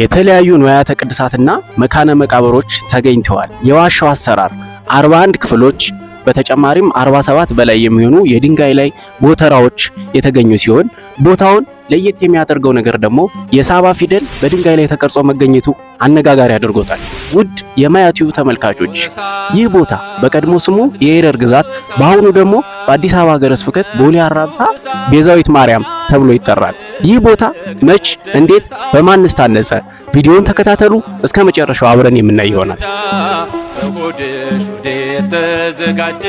የተለያዩ ንዋያተ ቅድሳትና መካነ መቃብሮች ተገኝተዋል። የዋሻው አሰራር 41 ክፍሎች በተጨማሪም 47 በላይ የሚሆኑ የድንጋይ ላይ ጎተራዎች የተገኙ ሲሆን ቦታውን ለየት የሚያደርገው ነገር ደግሞ የሳባ ፊደል በድንጋይ ላይ ተቀርጾ መገኘቱ አነጋጋሪ አድርጎታል። ውድ የማያቲዩ ተመልካቾች ይህ ቦታ በቀድሞ ስሙ የኤረር ግዛት በአሁኑ ደግሞ በአዲስ አበባ ሀገረ ስብከት ቦሌ አራብሳ ቤዛዊት ማርያም ተብሎ ይጠራል። ይህ ቦታ መች፣ እንዴት፣ በማንስ ታነጸ? ቪዲዮውን ተከታተሉ እስከ መጨረሻው አብረን የምናይ ይሆናል። ተዘጋጀ?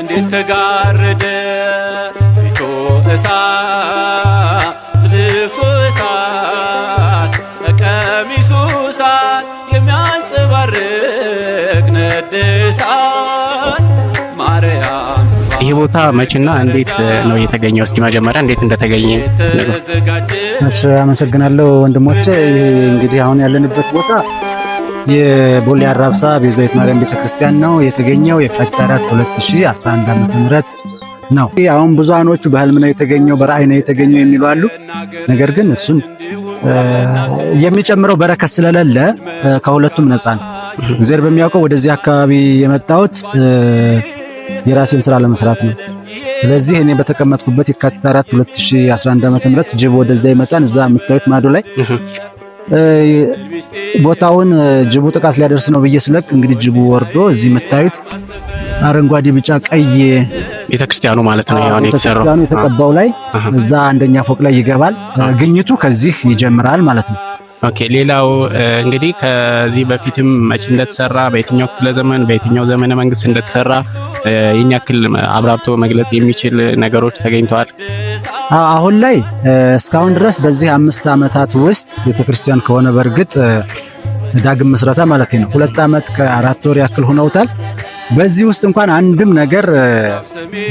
እንዴት ተጋረደ ቦታ መቼና እንዴት ነው የተገኘው? እስቲ መጀመሪያ እንዴት እንደተገኘ። እሺ፣ አመሰግናለሁ ወንድሞቼ። እንግዲህ አሁን ያለንበት ቦታ የቦሌ አራብሳ ቤዛዊት ማርያም ቤተክርስቲያን ነው የተገኘው የካቲት 4 2011 ዓ.ም ነው። አሁን ብዙሃኖቹ በህልም ነው የተገኘው በራእይ ነው የተገኘው የሚሉ አሉ። ነገር ግን እሱን የሚጨምረው በረከት ስለሌለ ከሁለቱም ነፃ ነው። እግዚአብሔር በሚያውቀው ወደዚህ አካባቢ የመጣሁት የራሴን ስራ ለመስራት ነው። ስለዚህ እኔ በተቀመጥኩበት የካቲት 4 2011 ዓ.ም ጅብ ወደዛ ይመጣን። እዛ የምታዩት ማዶ ላይ ቦታውን ጅቡ ጥቃት ሊያደርስ ነው ብዬ ስለቅ እንግዲህ ጅቡ ወርዶ እዚህ የምታዩት አረንጓዴ፣ ቢጫ፣ ቀይ ቤተክርስቲያኑ ማለት ነው ያው የተሰራው የተቀባው ላይ እዛ አንደኛ ፎቅ ላይ ይገባል። ግኝቱ ከዚህ ይጀምራል ማለት ነው። ኦኬ። ሌላው እንግዲህ ከዚህ በፊትም መቼ እንደተሰራ በየትኛው ክፍለ ዘመን በየትኛው ዘመነ መንግስት እንደተሰራ ይህን ያክል አብራርቶ መግለጽ የሚችል ነገሮች ተገኝተዋል። አሁን ላይ እስካሁን ድረስ በዚህ አምስት ዓመታት ውስጥ ቤተክርስቲያን ከሆነ በእርግጥ ዳግም ምስረታ ማለት ነው ሁለት ዓመት ከአራት ወር ያክል ሆነውታል። በዚህ ውስጥ እንኳን አንድም ነገር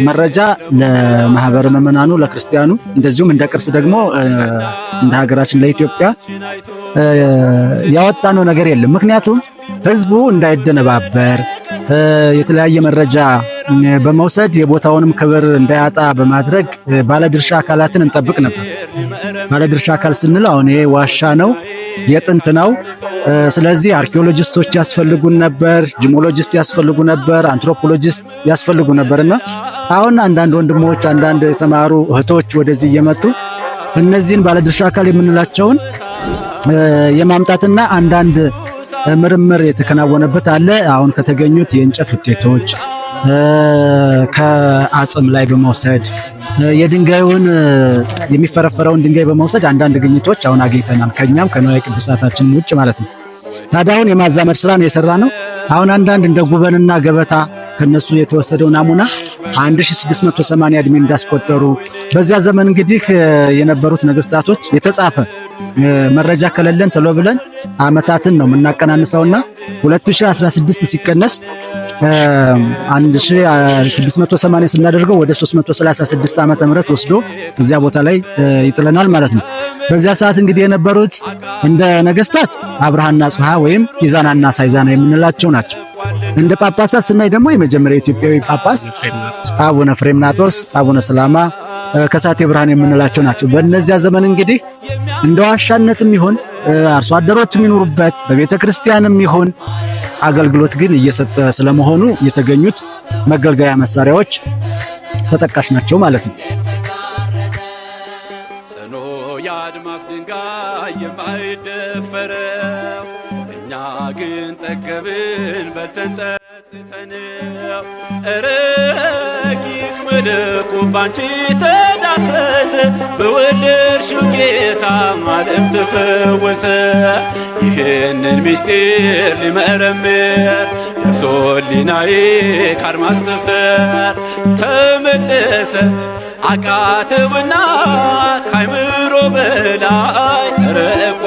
መረጃ ለማህበረ ምዕመናኑ ለክርስቲያኑ፣ እንደዚሁም እንደ ቅርስ ደግሞ እንደ ሀገራችን ለኢትዮጵያ ያወጣነው ነገር የለም። ምክንያቱም ህዝቡ እንዳይደነባበር የተለያየ መረጃ በመውሰድ የቦታውንም ክብር እንዳያጣ በማድረግ ባለድርሻ አካላትን እንጠብቅ ነበር። ባለድርሻ አካል ስንል አሁን ይሄ ዋሻ ነው፣ የጥንት ነው። ስለዚህ አርኪኦሎጂስቶች ያስፈልጉን ነበር፣ ጂሞሎጂስት ያስፈልጉ ነበር፣ አንትሮፖሎጂስት ያስፈልጉ ነበርና አሁን አንዳንድ ወንድሞች፣ አንዳንድ የተማሩ እህቶች ወደዚህ እየመጡ እነዚህን ባለድርሻ አካል የምንላቸውን የማምጣትና አንዳንድ ምርምር የተከናወነበት አለ። አሁን ከተገኙት የእንጨት ውጤቶች ከአጽም ላይ በመውሰድ የድንጋዩን የሚፈረፈረውን ድንጋይ በመውሰድ አንዳንድ ግኝቶች አሁን አግኝተናል። ከኛም ከንዋየ ቅድሳታችን ውጭ ማለት ነው። ታዲያ አሁን የማዛመድ ስራ ነው የሰራ ነው። አሁን አንዳንድ እንደ ጉበንና ገበታ ከነሱ የተወሰደው ናሙና 1680 እድሜ እንዳስቆጠሩ በዚያ ዘመን እንግዲህ የነበሩት ነገስታቶች የተጻፈ መረጃ ከሌለን ቶሎ ብለን አመታትን ነው የምናቀናንሰውና 2016 ሲቀነስ 1680 ስናደርገው ወደ 336 ዓመተ ምህረት ወስዶ እዚያ ቦታ ላይ ይጥለናል ማለት ነው። በዚያ ሰዓት እንግዲህ የነበሩት እንደ ነገስታት አብርሃና ጽሃ ወይም ኢዛናና ሳይዛና የምንላቸው ናቸው። እንደ ጳጳሳት ስናይ ደግሞ የመጀመሪያ ኢትዮጵያዊ ጳጳስ አቡነ ፍሬምናጦስ፣ አቡነ ሰላማ ከሳቴ ብርሃን የምንላቸው ናቸው። በእነዚያ ዘመን እንግዲህ እንደ ዋሻነትም ይሁን አርሶ አደሮችም የሚኖሩበት በቤተ ክርስቲያንም ይሁን አገልግሎት ግን እየሰጠ ስለመሆኑ የተገኙት መገልገያ መሳሪያዎች ተጠቃሽ ናቸው ማለት ነው። ተጠጥተን ረቂቅ መደቁ ባንቺ ተዳሰሰ በወለድሽው ጌታ ማለም ተፈወሰ። ይህንን ምስጢር ሊመረምር ደርሶ ሊናዬ ካድማስ ጠፈር ተመለሰ አቃተውና ካይምሮ በላይ ረቁ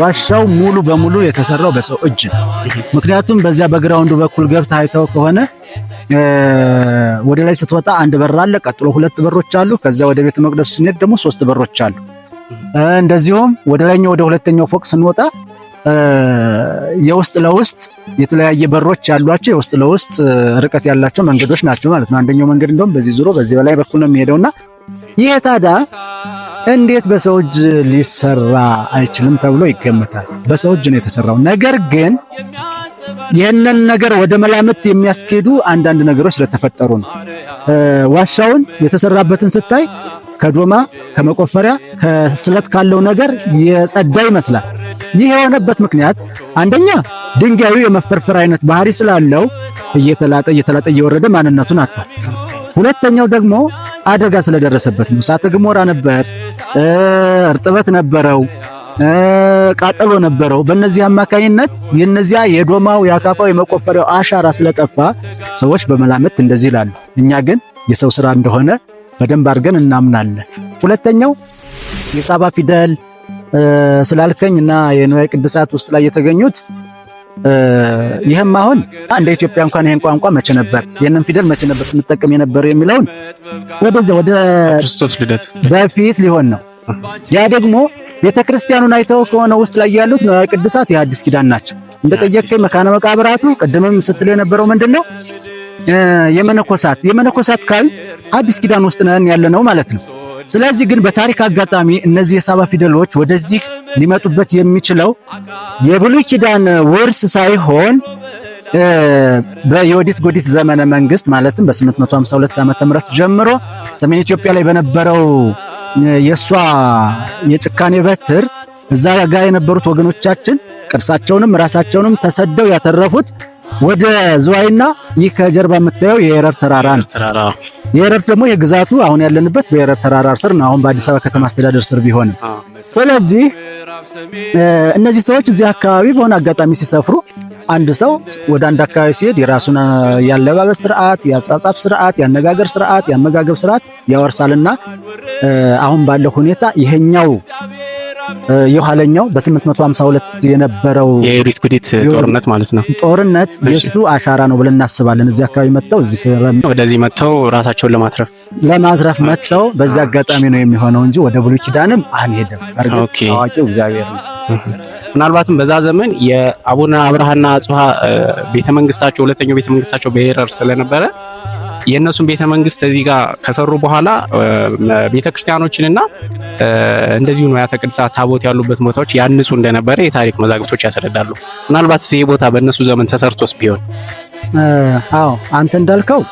ዋሻው ሙሉ በሙሉ የተሰራው በሰው እጅ ነው። ምክንያቱም በዚያ በግራውንዱ በኩል ገብተህ አይተው ከሆነ ወደ ላይ ስትወጣ አንድ በር አለ፣ ቀጥሎ ሁለት በሮች አሉ። ከዛ ወደ ቤተ መቅደስ ስንሄድ ደግሞ ሶስት በሮች አሉ። እንደዚሁም ወደ ላይኛው ወደ ሁለተኛው ፎቅ ስንወጣ የውስጥ ለውስጥ የተለያየ በሮች ያሏቸው የውስጥ ለውስጥ ርቀት ያላቸው መንገዶች ናቸው ማለት ነው። አንደኛው መንገድ እንደውም በዚህ ዙሮ በዚህ በላይ በኩል ነው የሚሄደውና ይሄ ታዲያ እንዴት በሰው እጅ ሊሰራ አይችልም ተብሎ ይገመታል። በሰው እጅ ነው የተሰራው። ነገር ግን ይህንን ነገር ወደ መላምት የሚያስኬዱ አንዳንድ ነገሮች ስለተፈጠሩ ነው። ዋሻውን የተሰራበትን ስታይ ከዶማ ከመቆፈሪያ ከስለት ካለው ነገር የጸዳ ይመስላል። ይህ የሆነበት ምክንያት አንደኛ ድንጋዩ የመፈርፈር አይነት ባህሪ ስላለው እየተላጠ እየተላጠ እየወረደ ማንነቱን አጥቷል። ሁለተኛው ደግሞ አደጋ ስለደረሰበት ነው። እሳተ ገሞራ ነበር፣ እርጥበት ነበረው፣ ቃጠሎ ነበረው። በእነዚህ አማካኝነት የነዚያ የዶማው የአካፋው የመቆፈሪያው አሻራ ስለጠፋ ሰዎች በመላመት እንደዚህ ይላሉ። እኛ ግን የሰው ስራ እንደሆነ በደንብ አድርገን እናምናለን። ሁለተኛው የሳባ ፊደል ስላልከኝ እና የንዋየ ቅድሳት ውስጥ ላይ የተገኙት ይህም አሁን እንደ ኢትዮጵያ እንኳን ይህን ቋንቋ መቼ ነበር ይህንን ፊደል መቼ ነበር ስንጠቀም የነበረው የሚለውን ወደዚያ ወደ ክርስቶስ ልደት በፊት ሊሆን ነው። ያ ደግሞ ቤተ ክርስቲያኑን አይተው ከሆነ ውስጥ ላይ ያሉት ነው ቅድሳት የአዲስ ኪዳን ናቸው። እንደ መካነ መቃብራቱ ቅድምም ስትል የነበረው ምንድን ነው? የመነኮሳት የመነኮሳት ካል አዲስ ኪዳን ውስጥ ነን ያለ ነው ማለት ነው። ስለዚህ ግን በታሪክ አጋጣሚ እነዚህ የሳባ ፊደሎች ወደዚህ ሊመጡበት የሚችለው የብሉይ ኪዳን ውርስ ሳይሆን በዮዲት ጎዲት ዘመነ መንግስት ማለትም በ852 ዓመተ ምህረት ጀምሮ ሰሜን ኢትዮጵያ ላይ በነበረው የሷ የጭካኔ በትር እዛ ጋር የነበሩት ወገኖቻችን ቅርሳቸውንም ራሳቸውንም ተሰደው ያተረፉት ወደ ዝዋይና ይህ ከጀርባ የምታየው የኤረር ተራራ ነው። የኤረር ደግሞ የግዛቱ አሁን ያለንበት በኤረር ተራራ ስር ነው፣ አሁን በአዲስ አበባ ከተማ አስተዳደር ስር ቢሆንም። ስለዚህ እነዚህ ሰዎች እዚህ አካባቢ በሆነ አጋጣሚ ሲሰፍሩ አንድ ሰው ወደ አንድ አካባቢ ሲሄድ የራሱን ያለባበስ ስርዓት፣ የአጻጻፍ ስርዓት፣ ያነጋገር ስርዓት፣ ያመጋገብ ስርዓት ያወርሳልና አሁን ባለው ሁኔታ ይሄኛው የኋለኛው በ852 የነበረው የሪስኩዲት ጦርነት ማለት ነው ጦርነት የሱ አሻራ ነው ብለን እናስባለን። እዚህ አካባቢ መጥተው እዚህ ወደዚህ መጥተው ራሳቸውን ለማትረፍ ለማትረፍ መጥተው በዚህ አጋጣሚ ነው የሚሆነው እንጂ ወደ ብሉይ ኪዳንም አንሄድም። እርግጥ ታዋቂው እግዚአብሔር ነው። ምናልባትም በዛ ዘመን የአቡነ አብርሃና አጽብሃ ቤተመንግስታቸው ሁለተኛው ቤተመንግስታቸው በኤረር ስለነበረ የእነሱን ቤተ መንግስት እዚህ ጋር ከሰሩ በኋላ ቤተ ክርስቲያኖችንና እንደዚሁ ንዋያተ ቅድሳት ታቦት ያሉበት ቦታዎች ያንጹ እንደነበረ የታሪክ መዛግብቶች ያስረዳሉ። ምናልባት ይህ ቦታ በእነሱ ዘመን ተሰርቶስ ቢሆን? አዎ አንተ እንዳልከው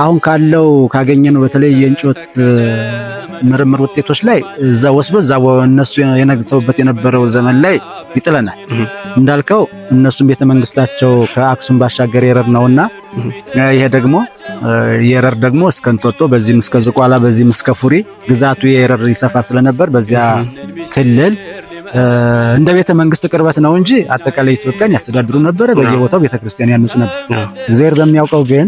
አሁን ካለው ካገኘነው በተለይ የእንጮት ምርምር ውጤቶች ላይ እዛ ወስዶ እዛ እነሱ የነግሰውበት የነበረው ዘመን ላይ ይጥለናል። እንዳልከው እነሱም ቤተመንግስታቸው ከአክሱም ባሻገር የረብ ነውና ይሄ ደግሞ የረር ደግሞ እስከ እንጦጦ በዚህም እስከ ዝቋላ በዚህም እስከ ፉሪ ግዛቱ የረር ይሰፋ ስለነበር በዚያ ክልል እንደ ቤተ መንግስት ቅርበት ነው እንጂ አጠቃላይ ኢትዮጵያን ያስተዳድሩ ነበረ። በየቦታው ቤተክርስቲያን ያንጹ ነበር። እግዚአብሔር በሚያውቀው ግን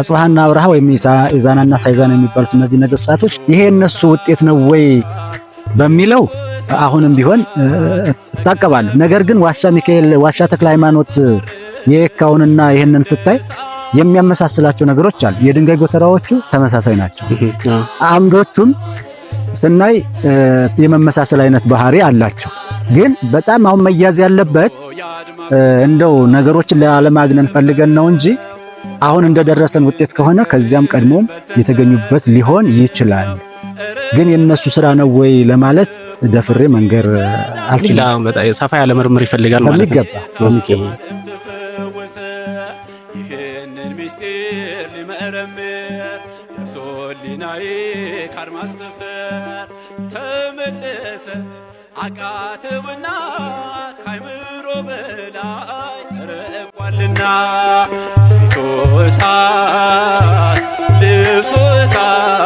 አጽብሃና አብርሃ ወይም ኢዛናና ሳይዛና የሚባሉት እነዚህ ነገስታቶች ይሄ እነሱ ውጤት ነው ወይ በሚለው አሁንም ቢሆን እታቀባለሁ። ነገር ግን ዋሻ ሚካኤል ዋሻ ተክለ ሃይማኖት የካውንና ይህንን ስታይ የሚያመሳስላቸው ነገሮች አሉ። የድንጋይ ጎተራዎቹ ተመሳሳይ ናቸው። አምዶቹም ስናይ የመመሳሰል አይነት ባህሪ አላቸው። ግን በጣም አሁን መያዝ ያለበት እንደው ነገሮችን ላለማግነን ፈልገን ነው እንጂ አሁን እንደደረሰን ውጤት ከሆነ ከዚያም ቀድሞም የተገኙበት ሊሆን ይችላል። ግን የነሱ ስራ ነው ወይ ለማለት ደፍሬ መንገር አልችልም። ሰፋ ያለ ምርምር ይፈልጋል ማለት ነው። ይህንን ምስጢር ሊመረምር ደርሶ ሊናዬ ካድማስ ጠፈር ተመለሰ አቃትውና ካይምሮ በላይ ረቋልና ፊቱ እሳት ልብሱ እሳት